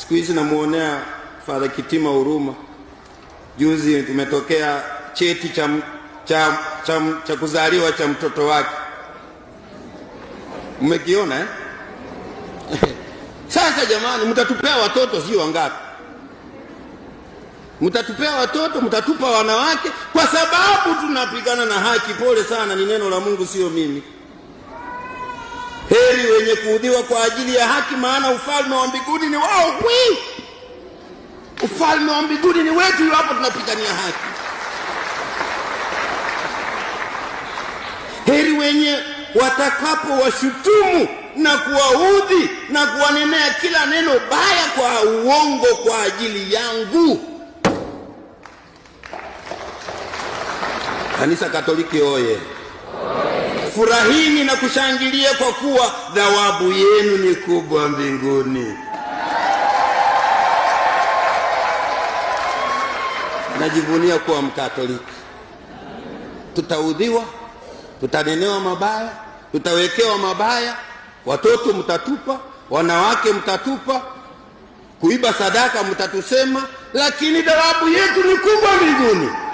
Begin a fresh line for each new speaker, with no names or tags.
Siku hizi namuonea Fadha Kitima huruma. Juzi tumetokea cheti cha, cha, cha, cha kuzaliwa cha mtoto wake, mmekiona eh? Sasa jamani, mtatupea watoto sio wangapi? Mtatupea watoto, mtatupa wanawake, kwa sababu tunapigana na haki. Pole sana, ni neno la Mungu, sio mimi heri wenye kuudhiwa kwa ajili ya haki, maana ufalme wa mbinguni ni wao. Wi, ufalme wa mbinguni ni wetu iwapo tunapigania haki. Heri wenye watakapo washutumu na kuwaudhi na kuwanenea kila neno baya kwa uongo kwa ajili yangu. Kanisa Katoliki oye! furahini na kushangilia kwa kuwa thawabu yenu ni kubwa mbinguni. Najivunia kuwa Mkatoliki. Tutaudhiwa, tutanenewa mabaya, tutawekewa mabaya, watoto mtatupa, wanawake mtatupa, kuiba sadaka mtatusema, lakini dhawabu yetu ni kubwa mbinguni.